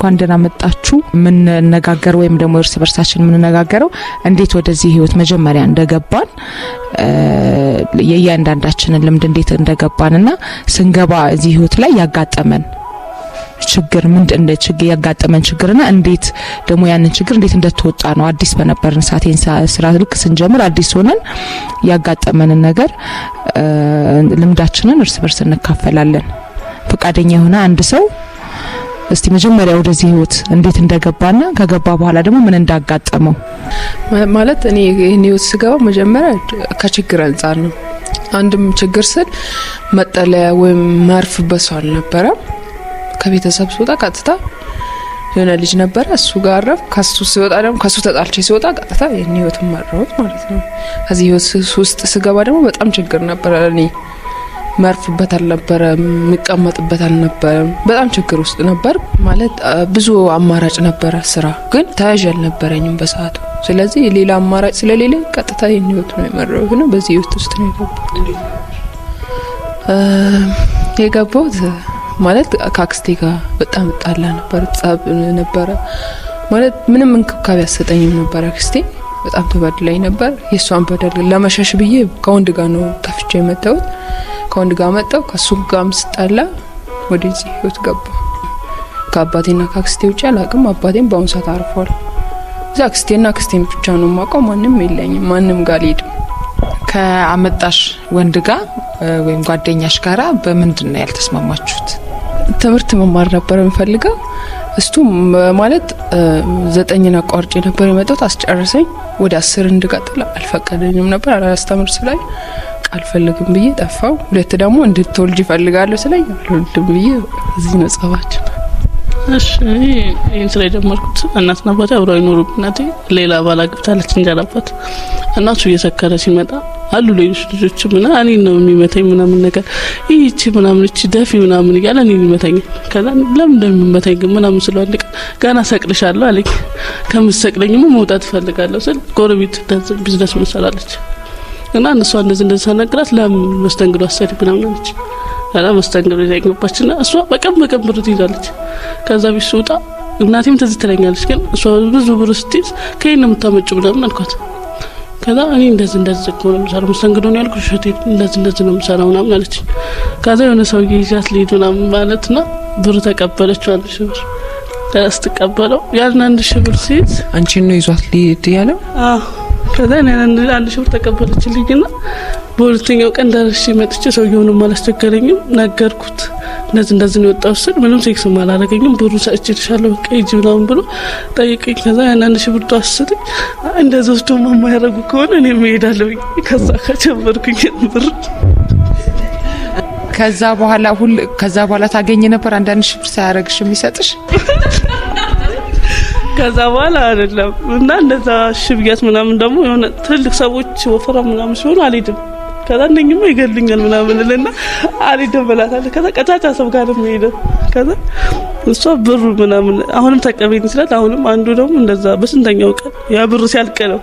እንኳን ደህና መጣችሁ የምንነጋገር ወይም ደግሞ እርስ በርሳችን የምንነጋገረው እንዴት ወደዚህ ህይወት መጀመሪያ እንደገባን የእያንዳንዳችንን ልምድ እንዴት እንደገባንና ስንገባ እዚህ ህይወት ላይ ያጋጠመን ችግር ምንድን እንደ ችግር ያጋጠመን ችግርና እንዴት ደግሞ ያንን ችግር እንዴት እንደተወጣ ነው። አዲስ በነበርን ሰዓት ስራ ልክ ስንጀምር አዲስ ሆነን ያጋጠመንን ነገር ልምዳችንን እርስ በርስ እንካፈላለን። ፈቃደኛ የሆነ አንድ ሰው እስቲ መጀመሪያ ወደዚህ ህይወት እንዴት እንደገባና ከገባ በኋላ ደግሞ ምን እንዳጋጠመው። ማለት እኔ ይህን ህይወት ስገባ መጀመሪያ ከችግር አንጻር ነው። አንድም ችግር ስል መጠለያ ወይም ማርፍበት ሰው አልነበረም። ከቤተሰብ ስወጣ ቀጥታ የሆነ ልጅ ነበረ፣ እሱ ጋር አረፍ። ከሱ ሲወጣ ደግሞ ከሱ ተጣልቼ ሲወጣ ቀጥታ ይህን ህይወት መራሁት ማለት ነው። ከዚህ ህይወት ውስጥ ስገባ ደግሞ በጣም ችግር ነበረ እኔ መርፍበት አልነበረም፣ የሚቀመጥበት አልነበረም። በጣም ችግር ውስጥ ነበር ማለት ብዙ አማራጭ ነበረ ስራ፣ ግን ተያዥ አልነበረኝም በሰዓቱ። ስለዚህ ሌላ አማራጭ ስለሌለ ቀጥታ ይህን ህይወት ነው የመረው። ነው። በዚህ ህይወት ውስጥ ነው የገባሁት የገባሁት ማለት ከአክስቴ ጋር በጣም ጣላ ነበር፣ ጸብ ነበረ። ማለት ምንም እንክብካቤ አሰጠኝም ነበር አክስቴ በጣም ተበድላኝ ነበር። የእሷን በደል ለመሸሽ ብዬ ከወንድ ጋር ነው ተፍቼ የመጣሁት። ከወንድ ጋር መጣው ከሱ ጋርም ስጣላ ወደዚህ ህይወት ገባ። ከአባቴና ከአክስቴ ውጭ አላቅም። አባቴም በአሁኑ ሰዓት አርፏል። እዛ አክስቴና አክስቴን ብቻ ነው የማውቀው። ማንም የለኝም። ማንም ጋር አልሄድም። ከአመጣሽ ወንድ ጋር ወይም ጓደኛሽ ጋራ በምንድን ነው ያልተስማማችሁት? ትምህርት መማር ነበር የምፈልገው። እስቱ ማለት ዘጠኝን አቋርጭ ነበር የመጣሁት። አስጨረሰኝ። ወደ አስር እንድቀጥል አልፈቀደኝም ነበር አላስተምር ስላኝ አልፈልግም ብዬ ጠፋው። ሁለት ደግሞ እንድትወልጅ ይፈልጋለሁ ስለኝ አልወልድም ብዬ እዚህ ነው ጸባችን። እሺ ይህን ስራ የጀመርኩት እናትና አባቴ አብረው አይኖሩም። እናቴ ሌላ ባል አግብታለች፣ እንጀራ አባት። እናቱ እየሰከረ ሲመጣ አሉ ሌሎች ልጆች ምና እኔ ነው የሚመታኝ ምናምን ነገር ይህቺ ምናምን እቺ ደፊ ምናምን እያለ እኔ ይመታኛል። ከዛ ለምን እንደሚመታኝ ግን ምናምን ስለዋልቅ አንድ ቀን ገና ሰቅልሻለሁ አለኝ። ከምሰቅለኝም መውጣት እፈልጋለሁ ስል ጎረቤት ቢዝነስ መሰላለች እና እነሷ እንደዚህ እንደዚህ ሳናግራት ለመስተንግዶ አሰሪ ምናምን አለች እና መስተንግዶ ይዘግባች ና እሷ በቀን በቀን ብር ትይዛለች። ከዛ ቤት ስወጣ እናቴም ትዝ ትለኛለች። ግን እሷ ብዙ ብር ስትይዝ ከየት ነው የምታመጭው ምናምን አልኳት። ከዛ እኔ እንደዚህ እንደዚህ ነው የምሰራው መስተንግዶ ነው ያልኩሽ እህቴ፣ እንደዚህ እንደዚህ ነው የምሰራው ምናምን አለች። ከዛ የሆነ ሰው ይዣት ልሂድ ምናምን ማለት ና ብር ተቀበለች አንድ ሺህ ብር ስትቀበለው ያን አንድ ሺህ ብር ሲይዝ አንቺን ነው ይዟት ልሂድ ያለው ከዛ አንድ ሺህ ብር ና በሁለተኛው ቀን ደርሼ መጥቼ ሰውየውንም አላስቸገረኝም። ነገርኩት እንደዚህ እንደዚህ ነው የወጣው ስል ምንም ሴክስም አላረገኝም። ብሩ ሰጭ ልሻለሁ በቃ ሂጂ ምናምን ብሎ ጠይቀኝ። ከዛ ያን አንድ ሺህ ብር አስልኝ እንደዚህ ወስዶ የማያረጉ ከሆነ እኔ እሄዳለሁ። ከዛ ከጀመርኩኝ ብር ከዛ በኋላ ሁል ከዛ በኋላ ታገኝ ነበር አንዳንድ ሺህ ብር ሳያረግሽ የሚሰጥሽ ከዛ በኋላ አይደለም እና እንደዛ ሽብያት ምናምን ደግሞ የሆነ ትልቅ ሰዎች ወፈራ ምናምን ሲሆኑ አልሄድም። ከዛ እንደኝም ይገልኛል ምናምን ልና አልሄድም ብላታለች። ከዛ ቀጫጫ ሰው ጋር ነው ከዛ እሷ ብሩ ምናምን አሁንም ተቀበይኝ ስላት አሁንም አንዱ ደግሞ እንደዛ በስንተኛው ቀን ያ ብሩ ሲያልቅ ነው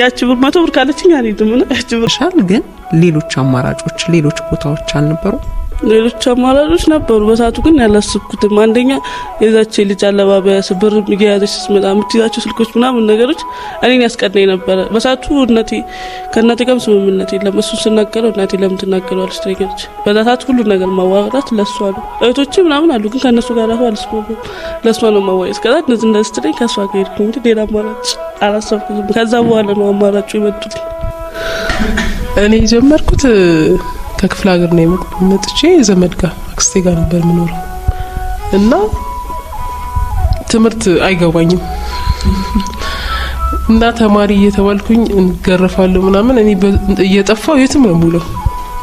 ያቺ ብር መቶ ብር ካለችኝ አልሄድም። ያቺ ብር ሻል ግን ሌሎች አማራጮች ሌሎች ቦታዎች አልነበሩም። ሌሎች አማራጮች ነበሩ። በሰዓቱ ግን ያላስብኩትም አንደኛ የዛች ልጅ አለባበስ፣ ብር እየያዘች ስትመጣ የምትይዛቸው ስልኮች ምናምን ነገሮች እኔን ያስቀናኝ ነበረ። በሰዓቱ እናቴ ከእናቴ ጋርም ስምምነት የለም። እሱን ስናገረው እናቴ ለምን ትናገረዋለች ትለኛለች። በዛ ሰዓት ሁሉ ነገር ማዋራት ለእሷ ነው። እህቶች ምናምን አሉ፣ ግን ከእነሱ ጋር ራሱ አልስማማም። ለእሷ ነው ማዋየት። ከዛ እነዚህ እንደዚህ ስትለኝ ከእሷ ጋር ሄድኩ። እንግዲህ ሌላ አማራጭ አላሰብኩትም። ከዛ በኋላ ነው አማራጩ የመጡት እኔ የጀመርኩት ከክፍለ ሀገር ነው የመጥቼ ዘመድ ጋር አክስቴ ጋር ነበር የምኖረው እና ትምህርት አይገባኝም እና ተማሪ እየተባልኩኝ እንገረፋለሁ ምናምን። እኔ እየጠፋው የትም ነው የምውለው፣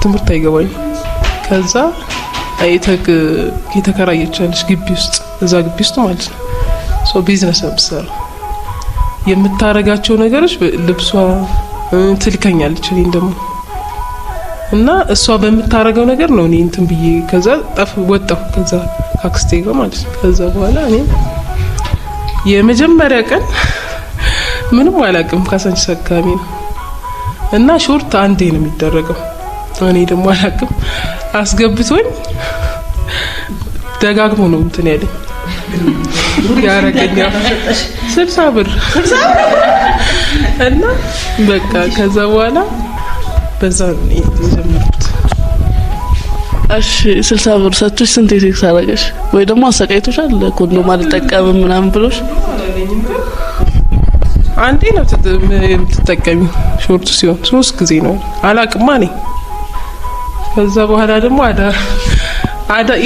ትምህርት አይገባኝም። ከዛ አይተክ የተከራየቻለች ግቢ ውስጥ እዛ ግቢ ውስጥ ማለት ነው ሶ ቢዝነስ ነው የምትሰራው። የምታረጋቸው ነገሮች ልብሷ ትልከኛለች። እኔን ደግሞ እና እሷ በምታደርገው ነገር ነው እኔ እንትን ብዬ ከዛ ጠፍ ወጣሁ። ከዛ አክስቴ ጋር ማለት ነው። ከዛ በኋላ እኔ የመጀመሪያ ቀን ምንም አላውቅም። ካሳንቺስ አካባቢ ነው እና ሾርት አንዴ ነው የሚደረገው። እኔ ደግሞ አላውቅም አስገብቶኝ ደጋግሞ ነው እንትን ያለኝ ያረገኛ ስልሳ ብር እና በቃ ከዛ በኋላ በዛ የጀመርኩት። እሺ ስልሳ ብር ስንት ሴክስ አደረገሽ? ወይ ደግሞ አሰቃይቶሻል? ኮንዶም አልጠቀምም ምናምን ብሎሽ? አንዴ ነው የምትጠቀሚው፣ ሾርቱ ሲሆን ሶስት ጊዜ ነው አላቅማ ከዛ በኋላ ደግሞ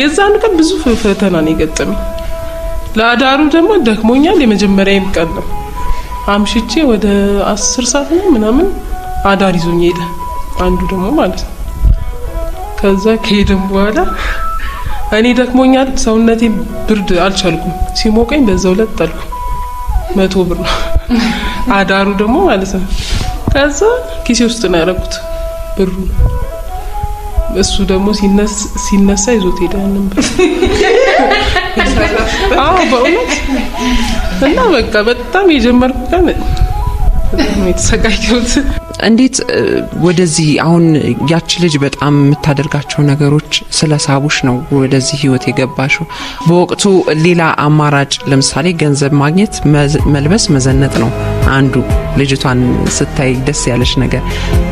የዛን ቀን ብዙ ፈተና ነው የገጠመኝ። ለአዳሩ ደግሞ ደክሞኛል። የመጀመሪያ ቀን ነው አምሽቼ ወደ አስር ሰዓት ምናምን አዳር ይዞኝ ሄደ። አንዱ ደግሞ ማለት ነው። ከዛ ከሄድም በኋላ እኔ ደክሞኛል፣ ሰውነቴ ብርድ አልቻልኩም፣ ሲሞቀኝ በዛው ዕለት ጣልኩ። መቶ ብር ነው አዳሩ ደግሞ ማለት ነው። ከዛ ኪሴ ውስጥ ነው ያደረኩት ብሩ። እሱ ደግሞ ሲነሳ ይዞት ሄደ ያንን አዎ በእውነት እና በቃ በጣም የጀመርኩ ቀን የተሰቃየሁት እንዴት ወደዚህ አሁን ያቺ ልጅ በጣም የምታደርጋቸው ነገሮች ስለ ሳቡሽ ነው ወደዚህ ህይወት የገባሽው? በወቅቱ ሌላ አማራጭ ለምሳሌ ገንዘብ ማግኘት፣ መልበስ፣ መዘነጥ ነው አንዱ ልጅቷን ስታይ ደስ ያለች ነገር።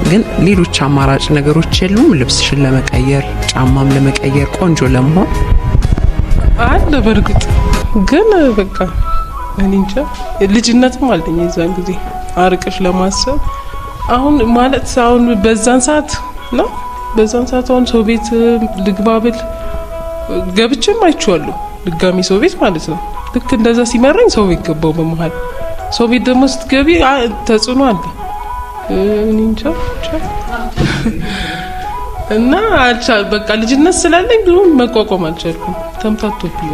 ግን ሌሎች አማራጭ ነገሮች የሉም? ልብስሽን ለመቀየር፣ ጫማም ለመቀየር፣ ቆንጆ ለመሆን አለ። በእርግጥ ግን በቃ እኔ እንጃ ልጅነትም አለኝ የዛን ጊዜ አርቅሽ ለማሰብ አሁን ማለት አሁን በዛን ሰዓት ነው በዛን ሰዓት አሁን ሰው ቤት ልግባ ብል ገብቼም አይቼዋለሁ። ድጋሚ ሰው ቤት ማለት ነው። ልክ እንደዛ ሲመራኝ ሰው ቤት ገባው። በመሀል ሰው ቤት ደግሞ ስትገቢ ተጽዕኖ አለ። እኔ እንጃ እና አልቻል በቃ ልጅነት ስላለኝ ብዙ መቋቋም አልቻልኩም። ተምታቶብኝ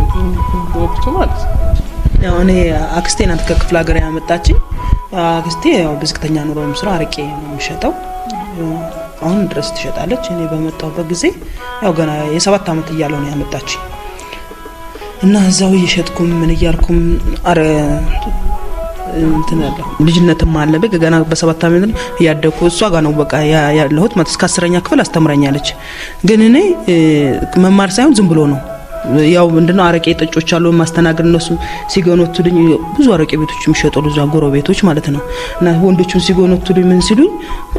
ወቅቱ ማለት ነው። ያው እኔ አክስቴ ናት ከክፍለ ሀገር ያመጣችኝ። አክስቴ ያው ብዝቅተኛ ኑሮ ስራ አርቄ ነው የምሸጠው። አሁን ድረስ ትሸጣለች። እኔ በመጣሁበት ጊዜ ያው ገና የሰባት አመት እያለሁ ነው ያመጣችኝ እና እዛው እየሸጥኩም ምን እያልኩም አረ እንትን ያለው ልጅነትም አለብኝ ገና በሰባት ዓመት እያደኩ እሷ ጋር ነው በቃ ያለሁት። እስከ አስረኛ ክፍል አስተምረኛለች። ግን እኔ መማር ሳይሆን ዝም ብሎ ነው ያው ምንድነው አረቄ ጠጮች አሉ ማስተናገድ እነሱ ሲገኖቱልኝ ብዙ አረቄ ቤቶች የሚሸጠሉ እዛ ቤቶች ማለት ነው። እና ወንዶቹን ሲገኖቱልኝ ምን ሲሉኝ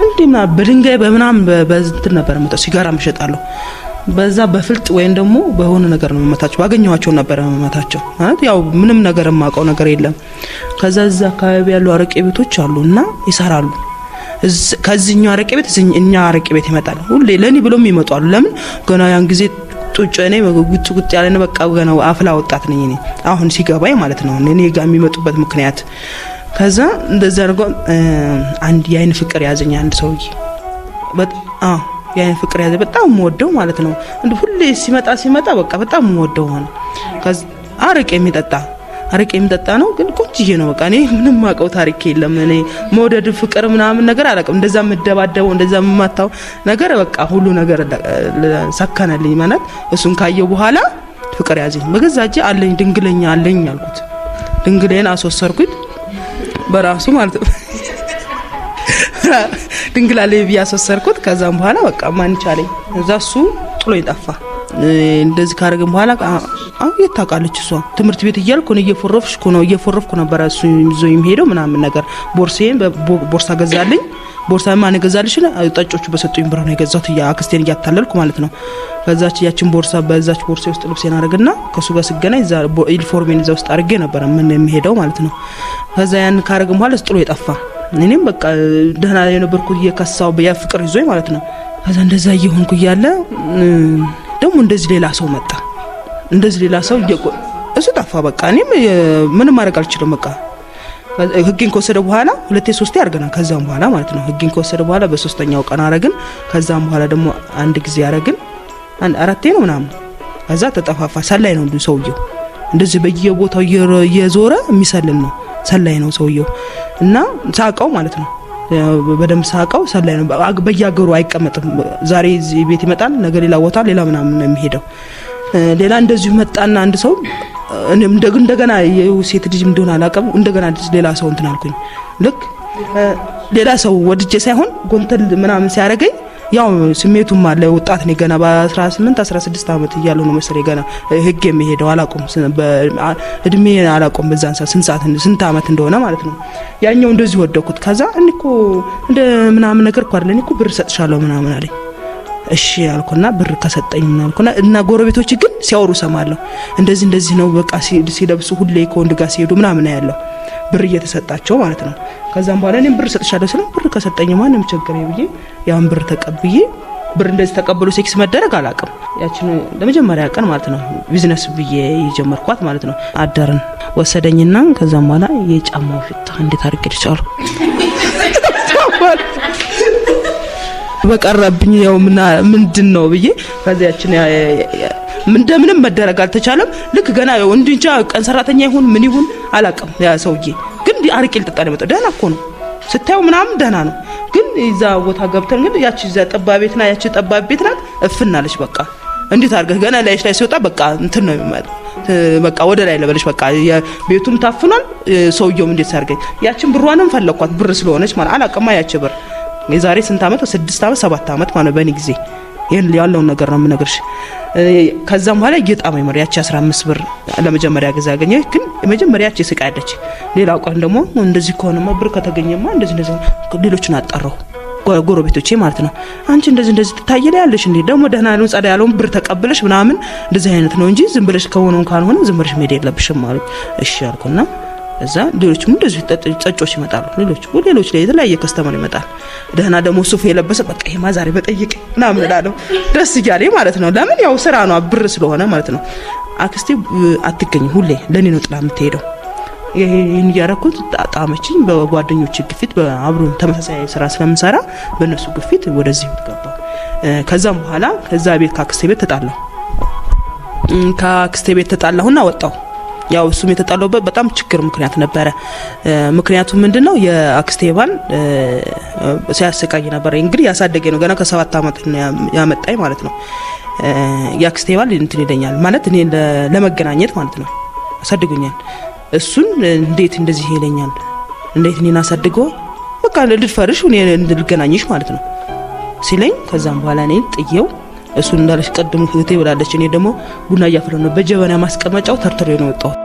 እንዴና በድንጋይ በምናም በእንትን ነበር መጣ ሲጋራ መሸጣለሁ በዛ በፍልጥ ወይም ደግሞ በሆነ ነገር ነው መመታቸው። ባገኘኋቸው ነበር መመታቸው። ማለት ያው ምንም ነገር የማውቀው ነገር የለም። ከዛ እዛ አካባቢ ያሉ አረቄ ቤቶች አሉ እና ይሰራሉ። ከዚህኛው አረቄ ቤት እኛ አረቄ ቤት ይመጣል። ሁሌ ለእኔ ብሎም ይመጣሉ። ለምን ገና ያን ጊዜ ጡጭ እኔ ጉጭ ጉጭ ያለ ነው። በቃ ገና አፍላ ወጣት ነኝ እኔ አሁን ሲገባኝ ማለት ነው እኔ ጋር የሚመጡበት ምክንያት። ከዛ እንደዛ አድርጎ አንድ የአይን ፍቅር ያዘኝ አንድ ሰውዬ የአይን ፍቅር ያዘ። በጣም የምወደው ማለት ነው እንደ ሁሌ ሲመጣ ሲመጣ በቃ በጣም የምወደው ሆነ። አረቄ የሚጠጣ አረቄ የሚጠጣ ነው ግን ቁጭዬ ነው በቃ። እኔ ምንም አውቀው ታሪክ የለም። እኔ መውደድ ፍቅር ምናምን ነገር አላውቅም። እንደዛ የምደባደበው እንደዛ የምማታው ነገር በቃ ሁሉ ነገር ሰከነልኝ ማለት እሱን ካየው በኋላ ፍቅር ያዘኝ። በገዛ እጄ አለኝ ድንግለኛ አለኝ አልኩት። ድንግሌን አስወሰርኩት በራሱ ማለት ነው ድንግላ ላይ ብዬ አስወሰርኩት። ከዛም በኋላ በቃ ማን ቻለኝ እዛ እሱ ጥሎ ይጠፋ እንደዚህ ካረግን በኋላ አሁን የት ታውቃለች እሷ ትምህርት ቤት እያልኩ ነው እየፎረፍኩ ነው እየፎረፍኩ ነበረ እሱ ይዞ የሚሄደው ምናምን ነገር ቦርሴን ቦርሳ ገዛልኝ ቦርሳ ማን ገዛልሽ ጠጮቹ በሰጡኝ ብር ነው የገዛሁት አክስቴን እያታለልኩ ማለት ነው በዛች ያችን ቦርሳ በዛች ቦርሴ ውስጥ ልብሴን አድርግና ከሱ ጋር ስገናኝ ዩኒፎርሜን እዛ ውስጥ አድርጌ ነበረ ምን የሚሄደው ማለት ነው ከዛ ያን ካረግን በኋላ ስጥሎ የጠፋ እኔም በቃ ደህና የነበርኩ እየከሳው በያ ፍቅር ይዞኝ ማለት ነው ከዛ እንደዛ እየሆንኩ እያለ ደግሞ እንደዚህ ሌላ ሰው መጣ። እንደዚህ ሌላ ሰው እሱ ጠፋ። በቃ እኔም ምንም ማድረግ አልችልም። በቃ ህግን ከወሰደ በኋላ ሁለቴ ሶስቴ አድርገናል። ከዛም በኋላ ማለት ነው ህግን ከወሰደ በኋላ በሶስተኛው ቀን አረግን። ከዛም በኋላ ደግሞ አንድ ጊዜ አረግን። አራቴ ነው ምናምን። ከዛ ተጠፋፋ። ሰላይ ነው እንዲሁ ሰውየው እንደዚህ በየቦታው እየዞረ የሚሰልል ነው። ሰላይ ነው ሰውየው እና ሳቀው ማለት ነው በደንብ ሳቀው ሰላይ ነው። በየሀገሩ አይቀመጥም። ዛሬ እዚህ ቤት ይመጣል፣ ነገ ሌላ ቦታ ሌላ ምናምን ነው የሚሄደው። ሌላ እንደዚሁ መጣና አንድ ሰው እንደገና ሴት ልጅ እንደሆነ አላውቅም። እንደገና ሌላ ሰው እንትን አልኩኝ። ልክ ሌላ ሰው ወድጄ ሳይሆን ጎንተል ምናምን ሲያደርገኝ ያው ስሜቱም አለ። ወጣት ነው ገና በ18 16 ዓመት እያለሁ ነው መሰለኝ ገና ህግ የሚሄደው አላውቅም፣ እድሜ አላውቅም። በዛን ሰዓት ስንት ሰዓት ዓመት እንደሆነ ማለት ነው። ያኛው እንደዚህ ወደኩት። ከዛ እኔ እኮ እንደ ምናምን ነገር እኮ አይደለ እኔ እኮ ብር ሰጥሻለሁ ምናምን አለኝ። እሺ አልኩና ብር ከሰጠኝ አልኩና እና ጎረቤቶች ግን ሲያወሩ ሰማለሁ። እንደዚህ እንደዚህ ነው በቃ ሲለብሱ ሁሌ ከወንድ ጋር ሲሄዱ ምናምን ያለው ብር እየተሰጣቸው ማለት ነው። ከዛም በኋላ እኔም ብር እሰጥሻለሁ ስለ ብር ከሰጠኝ ማንም ቸገረ ብዬ ያን ብር ተቀብዬ ብር እንደዚህ ተቀብሎ ሴክስ መደረግ አላውቅም። ያችን ለመጀመሪያ ቀን ማለት ነው ቢዝነስ ብዬ የጀመርኳት ማለት ነው። አደርን ወሰደኝና ከዛም በኋላ የጫማው ሽታ እንዴት አድርጌ ቻሉ በቀረብኝ ያው ምንድን ነው ብዬ ከዚያችን እንደምንም መደረግ አልተቻለም። ልክ ገና እንድንቻ ቀን ሰራተኛ ይሁን ምን ይሁን አላውቅም። ያ ሰውዬ ግን አርቄ ልጠጣ ነው የመጣው። ደህና እኮ ነው ስታየው ምናምን ደህና ነው። ግን እዛ ቦታ ገብተን ግን ያቺ እዛ ጠባብ ቤት ናት፣ ያቺ ጠባብ ቤት ናት። እፍናለች በቃ እንዴት አድርገህ ገና ላይሽ ላይ ሲወጣ በቃ እንትን ነው የሚመጣው። በቃ ወደ ላይ ለበለሽ በቃ ቤቱም ታፍኗል። ሰውየውም እንዴት ሳርገኝ ያችን ብሯንም ፈለኳት ብር ስለሆነች ማለት አላውቅማ። ያቺ ብር የዛሬ ስንት ዓመት ስድስት ዓመት ሰባት ዓመት ማለት በእኔ ጊዜ ያለውን ነገር ነው የምነግርሽ። ከዛም በኋላ ጌጣ ይመር ያቺ 15 ብር ለመጀመሪያ ጊዜ ያገኘ ግን መጀመሪያ ያቺ ስቃ ያለች ሌላ ቀን ደግሞ እንደዚህ ከሆነማ ብር ከተገኘማ እንደዚህ እንደዚህ ሌሎቹን አጣራሁ ጎረቤቶቼ ማለት ነው። አንቺ እንደዚህ እንደዚህ ትታየለ ያለሽ እንዴ ደግሞ ደህና ያለውን ጸዳ ያለውን ብር ተቀብለሽ ምናምን እንደዚህ አይነት ነው እንጂ ዝም ብለሽ ከሆነውን ካልሆነ ዝም ብለሽ መሄድ የለብሽም ማለት እሺ አልኩና እዛ ሌሎችም እንደዚህ ጨጮች ይመጣሉ። ሌሎች ሌሎች ላይ የተለያየ ከስተመር ይመጣል። ደህና ደግሞ ሱፍ የለበሰ በቃ ይሄማ ዛሬ በጠይቅ ምናምን እላለሁ። ደስ እያለኝ ማለት ነው። ለምን ያው ስራ ነው ብር ስለሆነ ማለት ነው። አክስቴ አትገኝም፣ ሁሌ ለእኔ ነው ጥላ የምትሄደው። ይህን እያረኩት ጣመችኝ። በጓደኞች ግፊት አብሮ ተመሳሳይ ስራ ስለምሰራ በእነሱ ግፊት ወደዚህ የምትገባ ከዛም በኋላ ከዛ ቤት ከአክስቴ ቤት ተጣላሁ። ከአክስቴ ቤት ተጣላሁና ወጣሁ። ያው እሱም የተጣለውበት በጣም ችግር ምክንያት ነበረ። ምክንያቱ ምንድን ነው? የአክስቴባን ሲያሰቃይ ነበረ። እንግዲህ ያሳደገ ነው። ገና ከሰባት ዓመት ያመጣኝ ማለት ነው። የአክስቴባን እንትን ይለኛል ማለት እኔ ለመገናኘት ማለት ነው አሳድጎኛል። እሱን እንዴት እንደዚህ ይለኛል? እንዴት እኔን አሳድጎ በቃ ልድፈርሽ እኔ ልገናኝሽ ማለት ነው ሲለኝ ከዛም በኋላ እኔ ጥየው እሱን እንዳለች ቀድሙ ህቴ ብላለች። እኔ ደግሞ ቡና እያፈለው ነው በጀበና ማስቀመጫው ተርተሬ ነው የወጣሁት።